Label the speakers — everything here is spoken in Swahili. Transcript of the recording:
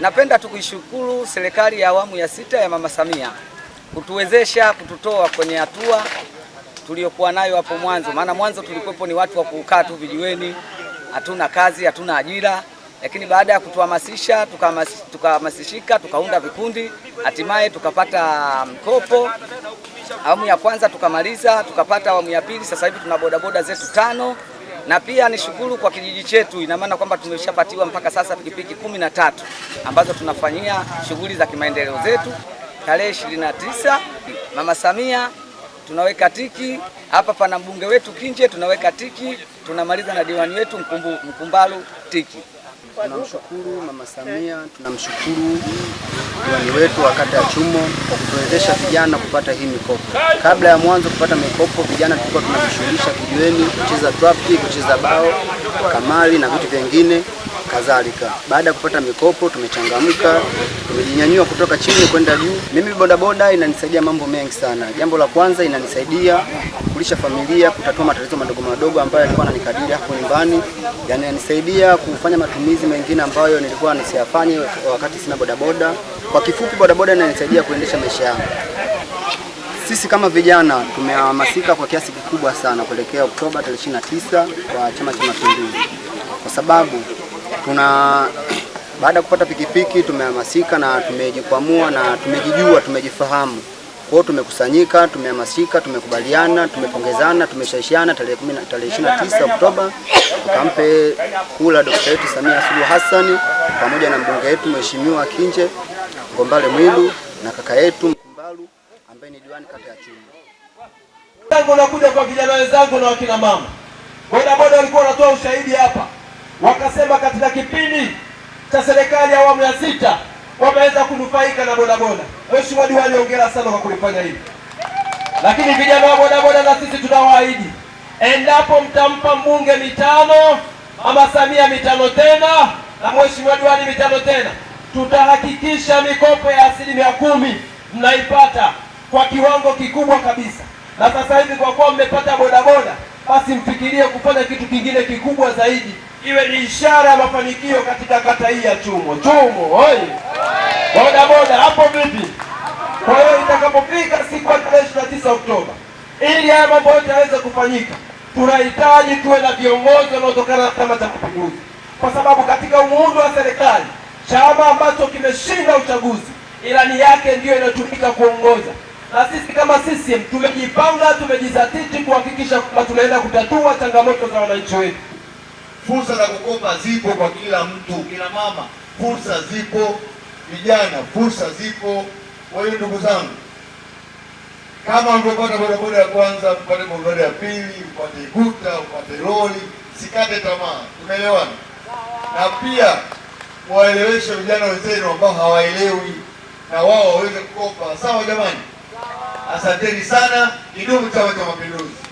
Speaker 1: Napenda tukuishukuru serikali ya awamu ya sita ya Mama Samia kutuwezesha kututoa kwenye hatua tuliyokuwa nayo hapo mwanzo, maana mwanzo tulikuwepo ni watu wa kukaa tu vijiweni, hatuna kazi, hatuna ajira, lakini baada ya kutuhamasisha tukahamasishika, tukaunda vikundi, hatimaye tukapata mkopo awamu ya kwanza tukamaliza, tukapata awamu ya pili. Sasa hivi tuna bodaboda zetu tano na pia nishukuru kwa kijiji chetu, ina maana kwamba tumeshapatiwa mpaka sasa pikipiki kumi na tatu ambazo tunafanyia shughuli za kimaendeleo zetu. Tarehe ishirini na tisa Mama Samia tunaweka tiki hapa, pana mbunge wetu Kinje tunaweka tiki, tunamaliza na diwani wetu Mkumbu, Mkumbalu tiki.
Speaker 2: Tunamshukuru Mama Samia, tunamshukuru diwani wetu wa kata ya Chumo kwa kutuwezesha vijana kupata hii mikopo. Kabla ya mwanzo kupata mikopo, vijana tulikuwa tunajishughulisha kijiweni, kucheza draft, kucheza bao, kamari na vitu vingine kadhalika. Baada ya kupata mikopo, tumechangamka, tumejinyanyua kutoka chini kwenda juu. Mimi bodaboda inanisaidia mambo mengi sana. Jambo la kwanza, inanisaidia kulisha familia, kutatua matatizo madogo madogo ambayo yalikuwa yananikadiria hapo nyumbani, yani inanisaidia kufanya matumizi mengine ambayo nilikuwa nisiyafanye wakati sina bodaboda. Kwa kifupi, bodaboda inanisaidia kuendesha maisha yangu. Sisi kama vijana tumehamasika kwa kiasi kikubwa sana kuelekea Oktoba tarehe 29 kwa Chama cha Mapinduzi, kwa sababu tuna baada ya kupata pikipiki tumehamasika na tumejikwamua na tumejijua, tumejifahamu. Kwa hiyo tumekusanyika, tumehamasika, tumekubaliana, tumepongezana, tumeshaishiana tarehe 10 tarehe 29 Oktoba tukampe kula Dokta yetu Samia Suluhu Hassan pamoja na mbunge wetu Mheshimiwa Kinje Ngombale Mwilu na kaka yetu Mkumbalu ambaye ni diwani kata ya Chunya.
Speaker 3: Nakuja kwa vijana wenzangu na wakina mama bodaboda, walikuwa wanatoa ushahidi hapa, wakasema katika kipindi cha serikali ya awamu ya sita wameweza kunufaika na bodaboda. Mheshimiwa Diwani, hongera sana kwa kulifanya hivi. Lakini vijana wa bodaboda, na sisi tunawaahidi, endapo mtampa mbunge mitano, ama Samia mitano tena na Mheshimiwa Diwani mitano tena, tutahakikisha mikopo ya asilimia kumi mnaipata kwa kiwango kikubwa kabisa. Na sasa hivi kwa kuwa mmepata bodaboda, basi mfikirie kufanya kitu kingine kikubwa zaidi, iwe ni ishara ya mafanikio katika kata hii ya Chumo. Chumo hoi! boda boda hapo vipi? Kwa hiyo itakapofika siku ya tarehe ishirini na tisa Oktoba, ili haya mambo yote yaweze kufanyika, tunahitaji tuwe na viongozi wanaotokana na Chama cha Mapinduzi, kwa sababu katika umuundo wa serikali, chama ambacho kimeshinda uchaguzi, ilani yake ndiyo inayotumika kuongoza. Na sisi kama CCM tumejipanga, tumejizatiti kuhakikisha kwamba tunaenda kutatua changamoto za wananchi wetu. Fursa za kukopa zipo kwa kila mtu, kila mama, fursa zipo vijana, fursa zipo. Kwa hiyo ndugu zangu, kama mliopata bodaboda ya kwanza, mpate bodaboda ya pili, upate guta upate lori, sikate tamaa. Tumeelewana? Na pia waeleweshe vijana wenzenu ambao hawaelewi, na wao waweze kukopa. Sawa jamani, asanteni sana. Kidumu Chama cha Mapinduzi!